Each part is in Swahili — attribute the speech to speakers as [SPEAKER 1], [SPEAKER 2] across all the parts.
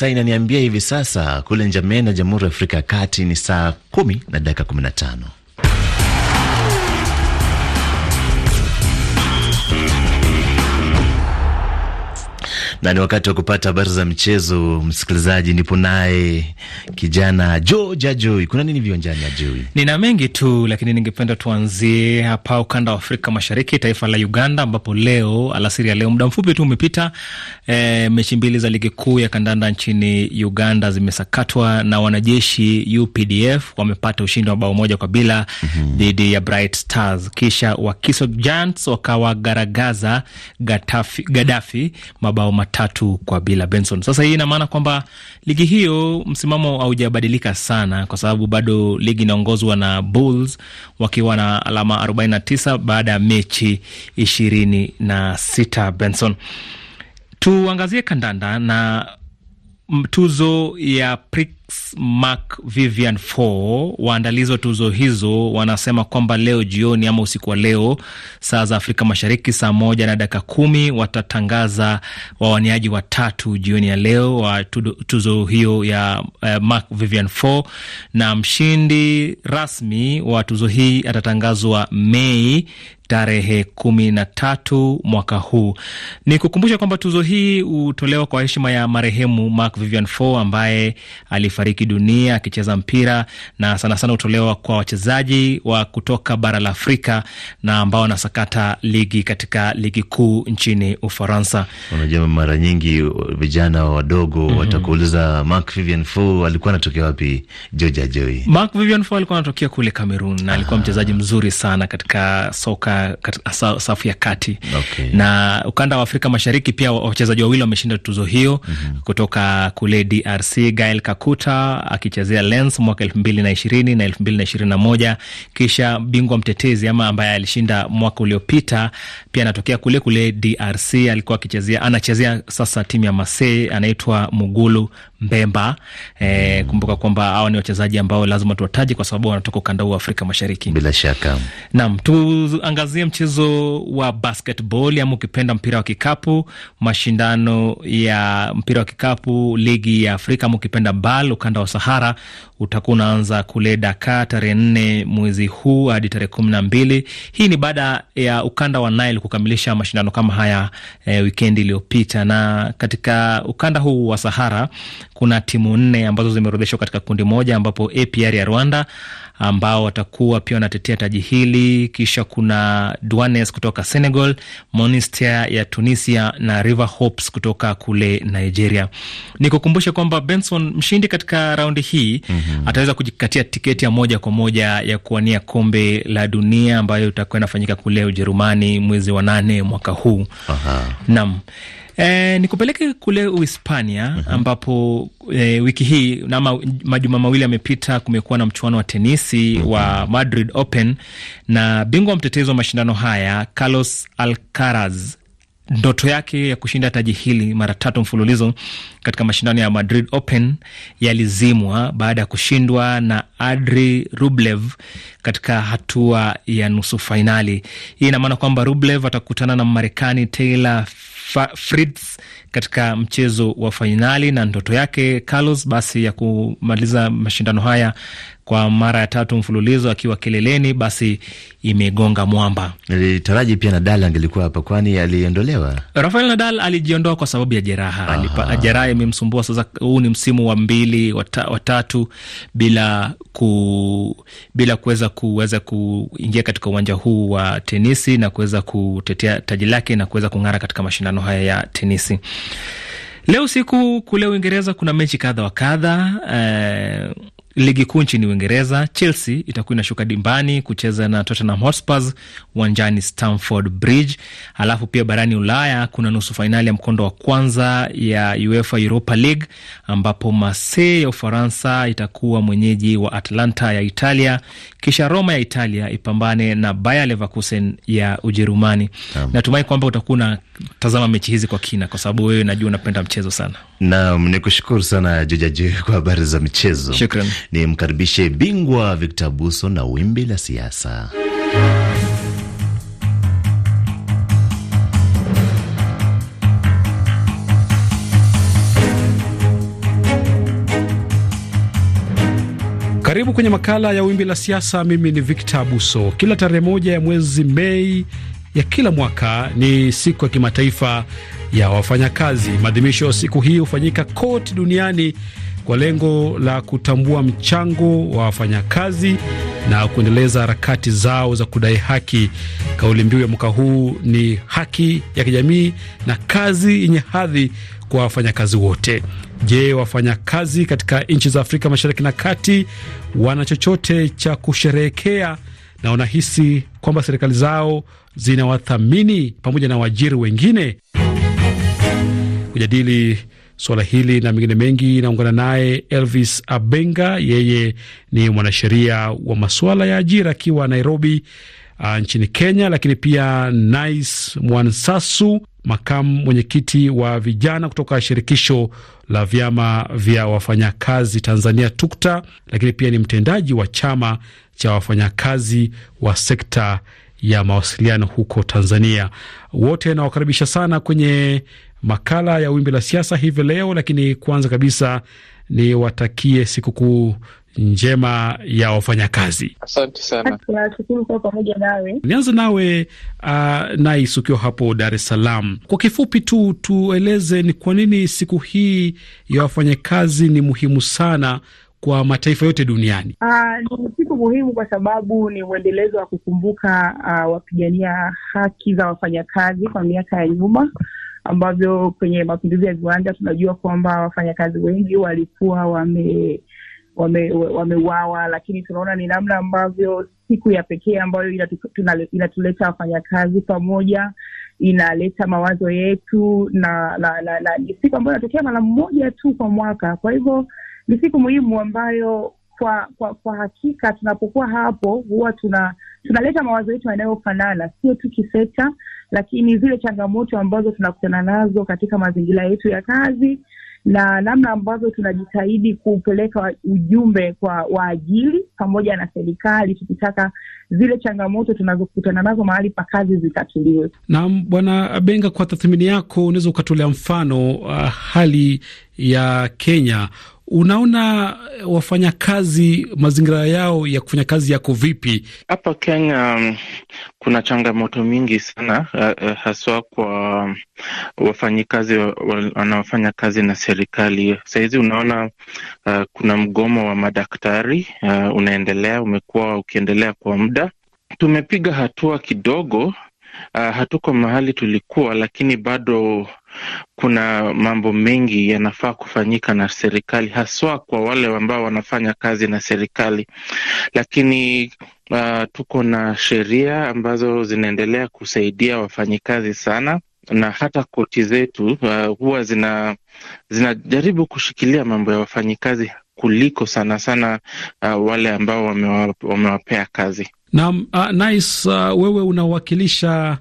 [SPEAKER 1] Saa inaniambia hivi sasa kule Njamena, Jamhuri ya Afrika ya Kati ni saa kumi na dakika kumi na tano. na ni wakati wa kupata habari za mchezo. Msikilizaji, nipo naye kijana George Ajoi. Kuna nini viwanjani, Ajoi? Nina mengi tu, lakini ningependa tuanzie hapa ukanda wa Afrika Mashariki, taifa la Uganda, ambapo leo alasiri ya leo, muda mfupi tu umepita, e, mechi mbili za ligi kuu ya kandanda nchini Uganda zimesakatwa na wanajeshi UPDF wamepata ushindi wa bao moja kwa bila mhm. dhidi mm -hmm. ya Bright Stars, kisha Wakiso Giants garagaza Gaddafi mabao tatu kwa bila Benson. Sasa hii ina maana kwamba ligi hiyo msimamo haujabadilika sana, kwa sababu bado ligi inaongozwa na Bulls wakiwa na alama 49 baada ya mechi 26. Benson, tuangazie kandanda na Tuzo ya Prix Marc Vivian 4 waandalizi wa tuzo hizo wanasema kwamba leo jioni ama usiku wa leo saa za Afrika Mashariki, saa moja na dakika kumi watatangaza wawaniaji watatu jioni ya leo wa tuzo hiyo ya uh, eh, Marc Vivian na mshindi rasmi wa tuzo hii atatangazwa Mei tarehe kumi na tatu mwaka huu. Ni kukumbusha kwamba tuzo hii hutolewa kwa heshima ya marehemu Marc Vivian Foe ambaye alifariki dunia akicheza mpira, na sana sana hutolewa kwa wachezaji wa kutoka bara la Afrika na ambao wanasakata ligi katika ligi kuu nchini Ufaransa. Unajua, mara nyingi vijana wadogo mm -hmm. watakuuliza Marc Vivian Foe alikuwa anatokea wapi? Joja Joy, Vivian Foe alikuwa anatokea kule Kamerun na alikuwa mchezaji mzuri sana katika soka katika, katika safu ya kati okay. Na ukanda wa Afrika Mashariki pia wachezaji wawili wameshinda tuzo hiyo mm -hmm. Kutoka kule DRC Gael Kakuta akichezea Lens mwaka elfu mbili na ishirini na elfu mbili na ishirini na moja kisha bingwa mtetezi ama ambaye alishinda mwaka uliopita pia anatokea kule kule DRC alikuwa akichezea anachezea sasa timu ya Marseille anaitwa Mugulu Mbemba. E, kumbuka kwamba hawa ni wachezaji ambao lazima tuwataje kwa sababu wanatoka ukanda huu wa Afrika Mashariki. Bila shaka. Naam, tuangazie mchezo wa basketball ama ukipenda mpira wa kikapu, mashindano ya mpira wa kikapu ligi ya Afrika ama ukipenda BAL ukanda wa Sahara utakuwa unaanza kule Dakar tarehe nne mwezi huu hadi tarehe kumi na mbili. Hii ni baada ya ukanda wa Nile kukamilisha mashindano kama haya e, wikendi iliyopita na katika ukanda huu wa Sahara kuna timu nne ambazo zimeorodheshwa katika kundi moja ambapo APR ya Rwanda ambao watakuwa pia wanatetea taji hili. Kisha kuna Duanes kutoka Senegal, Monastir ya Tunisia na River Hopes kutoka kule Nigeria. Nikukumbushe kwamba Benson, mshindi katika raundi hii mm -hmm. ataweza kujikatia tiketi ya moja kwa moja ya kuwania kombe la dunia ambayo itakuwa inafanyika kule Ujerumani mwezi wa nane mwaka huu. Naam. E, nikupeleke kule Uhispania mm -hmm. ambapo e, wiki hii nama majuma mawili yamepita, kumekuwa na mchuano wa tenisi mm -hmm. wa Madrid Open na bingwa mtetezi wa mashindano haya Carlos Alcaraz ndoto yake ya kushinda taji hili mara tatu mfululizo katika mashindano ya Madrid Open yalizimwa baada ya kushindwa na Adri Rublev katika hatua ya nusu fainali. Hii ina maana kwamba Rublev atakutana na Marekani Taylor Fritz katika mchezo wa fainali na ndoto yake Carlos basi ya kumaliza mashindano haya kwa mara ya tatu mfululizo akiwa kileleni, basi imegonga mwamba. Nilitaraji pia Nadal angelikuwa hapa, kwani aliondolewa. Rafael Nadal alijiondoa kwa sababu ya jeraha. Jeraha imemsumbua sasa. Huu ni msimu wa mbili watatu bila ku, bila kuweza kuweza kuingia katika uwanja huu wa tenisi na kuweza kutetea taji lake na kuweza kung'ara katika mashindano haya ya tenisi. Leo usiku kule Uingereza kuna mechi kadha wa kadha eh, ligi kuu nchini Uingereza, Chelsea itakuwa inashuka dimbani kucheza na Tottenham Hotspur uwanjani Stamford Bridge. Alafu pia barani Ulaya kuna nusu fainali ya mkondo wa kwanza ya UEFA Europa League ambapo Marseille ya Ufaransa itakuwa mwenyeji wa Atlanta ya Italia, kisha Roma ya Italia ipambane na Bayer Leverkusen ya Ujerumani. Um, Natumai kwamba utakuwa unatazama mechi hizi kwa kina, kwa sababu wewe najua unapenda mchezo sana. Naam, kushukuru sana Jojaji kwa habari za michezo. Shukran ni mkaribishe bingwa Victor Buso na wimbi la siasa.
[SPEAKER 2] Karibu kwenye makala ya wimbi la siasa. Mimi ni Victor Abuso. Kila tarehe moja ya mwezi Mei ya kila mwaka ni siku ya kimataifa ya wafanyakazi. Maadhimisho ya siku hii hufanyika kote duniani kwa lengo la kutambua mchango wa wafanyakazi na kuendeleza harakati zao za kudai haki. Kauli mbiu ya mwaka huu ni haki ya kijamii na kazi yenye hadhi kwa wafanyakazi wote. Je, wafanyakazi katika nchi za Afrika Mashariki na Kati wana chochote cha kusherehekea na wanahisi kwamba serikali zao zinawathamini pamoja na waajiri wengine. Kujadili suala hili na mengine mengi, inaungana naye Elvis Abenga, yeye ni mwanasheria wa masuala ya ajira akiwa Nairobi uh, nchini Kenya, lakini pia Nice Mwansasu, makamu mwenyekiti wa vijana kutoka shirikisho la vyama vya wafanyakazi Tanzania TUKTA, lakini pia ni mtendaji wa chama cha wafanyakazi wa sekta ya mawasiliano huko Tanzania. Wote nawakaribisha sana kwenye makala ya Wimbi la Siasa hivi leo, lakini kwanza kabisa ni watakie sikukuu njema ya wafanyakazi.
[SPEAKER 3] Asante
[SPEAKER 4] sana, tunashukuru kuwa pamoja nawe.
[SPEAKER 2] Nianze nawe uh, Nais, ukiwa hapo Dar es Salaam, kwa kifupi tu tueleze ni kwa nini siku hii ya wafanyakazi ni muhimu sana kwa mataifa yote duniani.
[SPEAKER 4] Uh, ni siku muhimu kwa sababu ni mwendelezo wa kukumbuka uh, wapigania haki za wafanyakazi kwa miaka ya nyuma ambavyo kwenye mapinduzi ya viwanda tunajua kwamba wafanyakazi wengi walikuwa wame wameuawa wame, lakini tunaona ni namna ambavyo siku ya pekee ambayo inatuleta wafanyakazi pamoja, inaleta mawazo yetu na na, na, na ni siku ambayo inatokea mara mmoja tu kwa mwaka. Kwa hivyo ni siku muhimu ambayo kwa kwa kwa hakika tunapokuwa hapo huwa tuna tunaleta mawazo yetu yanayofanana, sio tu kisekta, lakini zile changamoto ambazo tunakutana nazo katika mazingira yetu ya kazi na namna ambavyo tunajitahidi kupeleka ujumbe kwa waajili pamoja na serikali, tukitaka zile changamoto tunazokutana nazo mahali pa kazi zitatuliwe.
[SPEAKER 2] Naam, Bwana Benga, kwa tathmini yako unaweza ukatolea mfano uh, hali ya Kenya Unaona eh, wafanyakazi mazingira yao ya kufanya kazi yako vipi?
[SPEAKER 3] Hapa Kenya um, kuna changamoto mingi sana uh, uh, haswa kwa wafanyikazi wanaofanya kazi na serikali. Sahizi unaona uh, kuna mgomo wa madaktari uh, unaendelea, umekuwa ukiendelea kwa muda. Tumepiga hatua kidogo uh, hatuko mahali tulikuwa, lakini bado kuna mambo mengi yanafaa kufanyika na serikali, haswa kwa wale ambao wanafanya kazi na serikali, lakini uh, tuko na sheria ambazo zinaendelea kusaidia wafanyikazi sana na hata koti zetu uh, huwa zina zinajaribu kushikilia mambo ya wafanyikazi kuliko sana sana uh, wale ambao wamewapea kazi.
[SPEAKER 2] Na uh, Nice, uh, wewe unawakilisha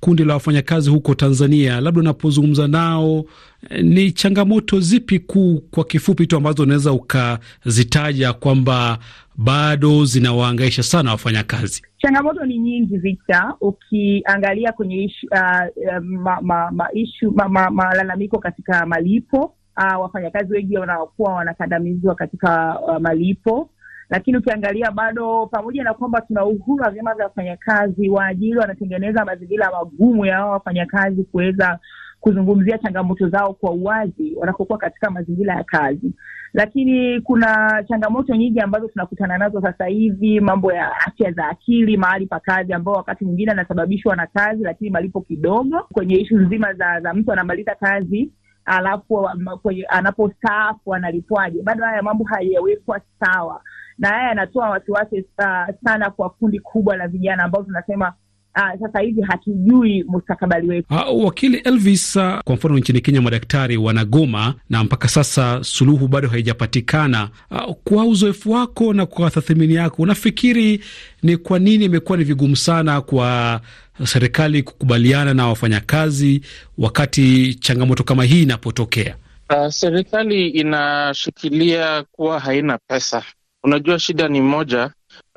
[SPEAKER 2] kundi la wafanyakazi huko Tanzania, labda unapozungumza nao eh, ni changamoto zipi kuu kwa kifupi tu ambazo unaweza ukazitaja kwamba bado zinawaangaisha sana wafanyakazi?
[SPEAKER 4] Changamoto ni nyingi, vita Ukiangalia kwenye ishu, uh, ma, ma, ma, ishu, ma, ma, malalamiko katika malipo uh, wafanyakazi wengi wanakuwa wanakandamizwa katika uh, malipo lakini ukiangalia bado, pamoja na kwamba tuna uhuru wa vyama vya wafanyakazi, waajiri wanatengeneza mazingira magumu ya wao wafanyakazi kuweza kuzungumzia changamoto zao kwa uwazi wanapokuwa katika mazingira ya kazi. Lakini kuna changamoto nyingi ambazo tunakutana nazo sasa hivi, mambo ya afya za akili mahali pa kazi, ambao wakati mwingine anasababishwa na kazi, lakini malipo kidogo, kwenye ishu nzima za, za mtu anamaliza kazi alafu um, anapostaafu analipwaje, bado haya mambo hayawekwa sawa na yeye anatoa wasiwasi uh, sana kwa kundi kubwa la vijana ambao tunasema Uh, sasa hivi hatujui mustakabali wetu.
[SPEAKER 2] Uh, wakili Elvis, uh, kwa mfano nchini Kenya madaktari wanagoma na mpaka sasa suluhu bado haijapatikana. Uh, kwa uzoefu wako na kwa tathmini yako, unafikiri ni kwa nini imekuwa ni vigumu sana kwa serikali kukubaliana na wafanyakazi wakati changamoto kama hii inapotokea?
[SPEAKER 3] Uh, serikali inashikilia kuwa haina pesa Unajua, shida ni moja.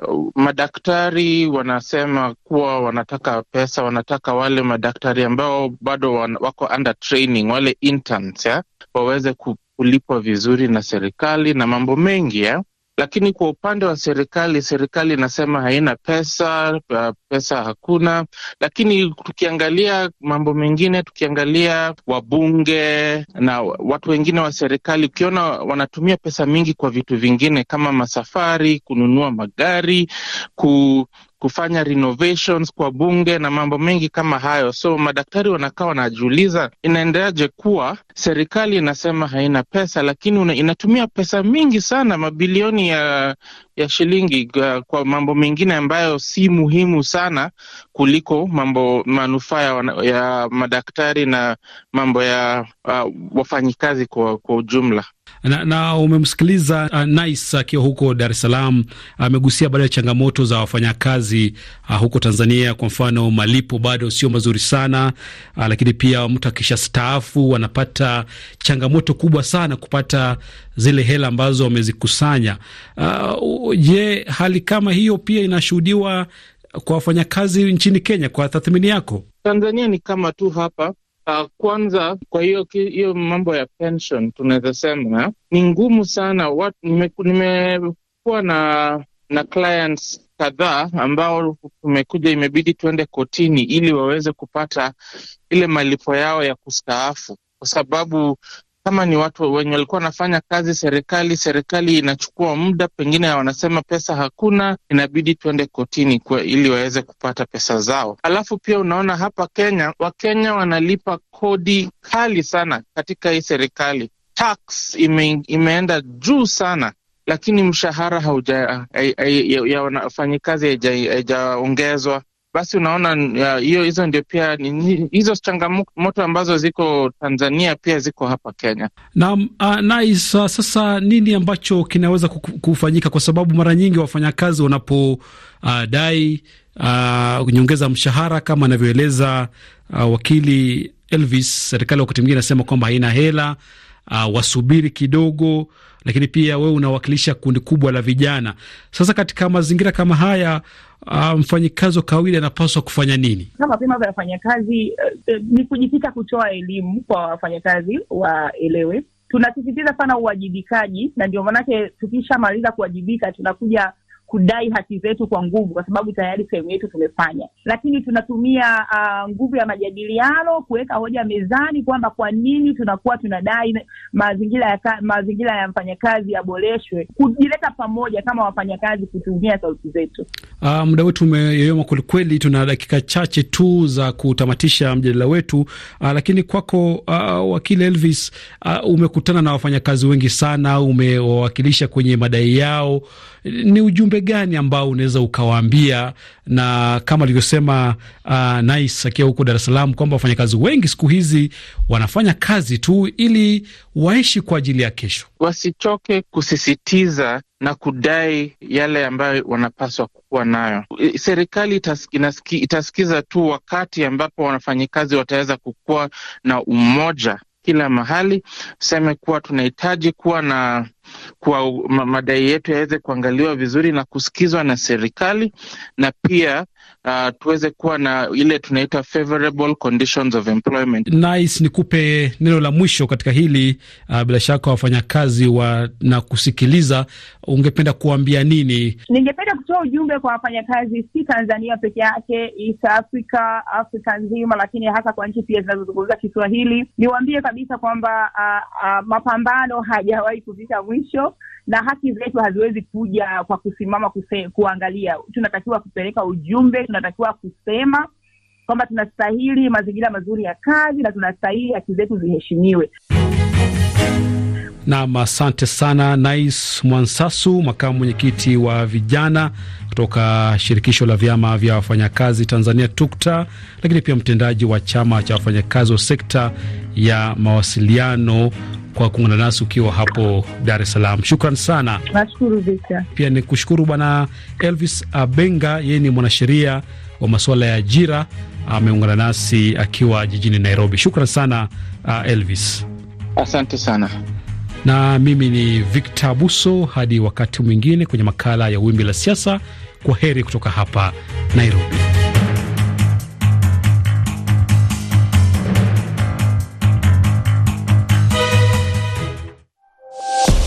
[SPEAKER 3] Uh, madaktari wanasema kuwa wanataka pesa, wanataka wale madaktari ambao bado wako under training, wale interns, ya waweze kulipwa vizuri na serikali na mambo mengi ya lakini kwa upande wa serikali, serikali inasema haina pesa, pesa hakuna. Lakini tukiangalia mambo mengine, tukiangalia wabunge na watu wengine wa serikali, ukiona wanatumia pesa mingi kwa vitu vingine kama masafari, kununua magari ku kufanya renovations kwa bunge na mambo mengi kama hayo. So madaktari wanakaa wanajiuliza, inaendeaje kuwa serikali inasema haina pesa, lakini inatumia pesa mingi sana, mabilioni ya ya shilingi uh, kwa mambo mengine ambayo si muhimu sana kuliko mambo manufaa ya madaktari na mambo ya uh, wafanyikazi kwa, kwa ujumla na,
[SPEAKER 2] na umemsikiliza uh, Nice akiwa huko Dar es Salaam amegusia uh, baada ya changamoto za wafanyakazi uh, huko Tanzania. Kwa mfano malipo bado sio mazuri sana uh, lakini pia mtu akisha staafu wanapata changamoto kubwa sana kupata zile hela ambazo wamezikusanya. Uh, je, hali kama hiyo pia inashuhudiwa kwa wafanyakazi nchini Kenya? Kwa tathmini yako,
[SPEAKER 3] Tanzania ni kama tu hapa Uh, kwanza kwa hiyo hiyo mambo ya pension tunaweza sema ni ngumu sana Nimekuwa na na clients kadhaa ambao tumekuja, imebidi tuende kotini ili waweze kupata ile malipo yao ya kustaafu, kwa sababu kama ni watu wenye walikuwa wanafanya kazi serikali, serikali inachukua muda, pengine wanasema pesa hakuna, inabidi tuende kotini kwa ili waweze kupata pesa zao. Alafu pia unaona hapa Kenya, Wakenya wanalipa kodi kali sana katika hii serikali, tax ime, imeenda juu sana lakini mshahara hauja ya wafanyikazi haijaongezwa basi unaona hiyo uh, hizo ndio pia hizo changamoto ambazo ziko Tanzania pia ziko hapa Kenya.
[SPEAKER 2] Naam, uh, ah, nice. sasa nini ambacho kinaweza kufanyika? Kwa sababu mara nyingi wafanyakazi wanapodai ah, uh, ah, uh, nyongeza mshahara kama anavyoeleza uh, wakili Elvis, serikali wakati mwingine inasema kwamba haina hela uh, wasubiri kidogo, lakini pia wewe unawakilisha kundi kubwa la vijana. Sasa katika mazingira kama haya Uh, mfanyikazi wa kawaida anapaswa kufanya nini?
[SPEAKER 4] Kama vyama vya wafanyakazi uh, eh, eh, ni kujikita kutoa elimu kwa wafanyakazi waelewe. Tunasisitiza sana uwajibikaji, na ndio maanake tukishamaliza kuwajibika tunakuja kudai haki zetu kwa nguvu, kwa sababu tayari sehemu yetu tumefanya. Lakini tunatumia uh, nguvu ya majadiliano kuweka hoja mezani kwamba kwa nini tunakuwa tunadai mazingira ya mazingira ya mfanyakazi yaboreshwe, kujileta pamoja kama wafanyakazi, kutumia sauti zetu.
[SPEAKER 2] Uh, muda wetu umeyoyoma kwelikweli, tuna dakika chache tu za kutamatisha mjadala wetu, uh, lakini kwako, uh, wakili Elvis, uh, umekutana na wafanyakazi wengi sana, umewawakilisha kwenye madai yao ni ujumbe gani ambao unaweza ukawaambia, na kama alivyosema uh, Nice akiwa huko Dar es Salaam kwamba wafanyakazi wengi siku hizi wanafanya kazi tu ili waishi kwa ajili ya kesho,
[SPEAKER 3] wasichoke kusisitiza na kudai yale ambayo wanapaswa kuwa nayo. Serikali itasikiza tu wakati ambapo wanafanyikazi wataweza kukuwa na umoja kila mahali, tuseme kuwa tunahitaji kuwa na kwa madai yetu yaweze kuangaliwa vizuri na kusikizwa na serikali na pia uh, tuweze kuwa na ile tunaita favorable conditions of employment.
[SPEAKER 2] Nice, nikupe neno la mwisho katika hili uh, bila shaka wafanyakazi wanakusikiliza, ungependa kuambia nini?
[SPEAKER 4] Ningependa kutoa ujumbe kwa wafanyakazi, si Tanzania peke yake, East Africa, Afrika nzima, lakini hasa kwa nchi pia zinazozungumza Kiswahili, niwaambie kabisa kwamba uh, uh, mapambano hajawahi kufika mwisho mwisho na haki zetu haziwezi kuja kwa kusimama kuse, kuangalia. Tunatakiwa kupeleka ujumbe, tunatakiwa kusema kwamba tunastahili mazingira mazuri ya kazi na tunastahili haki zetu ziheshimiwe.
[SPEAKER 2] Nam, asante sana Nais Mwansasu, makamu mwenyekiti wa vijana kutoka shirikisho la vyama vya wafanyakazi Tanzania TUKTA, lakini pia mtendaji wa chama cha wafanyakazi wa sekta ya mawasiliano kwa kuungana nasi ukiwa hapo Dar es Salaam. Shukran sana.
[SPEAKER 4] Nashukuru Victor.
[SPEAKER 2] Pia ni kushukuru Bwana Elvis Abenga, yeye ni mwanasheria wa masuala ya ajira, ameungana nasi akiwa jijini Nairobi. Shukran sana uh, Elvis.
[SPEAKER 3] Asante sana.
[SPEAKER 2] Na mimi ni Victor Abuso, hadi wakati mwingine kwenye makala ya Wimbi la Siasa. Kwa heri kutoka hapa Nairobi.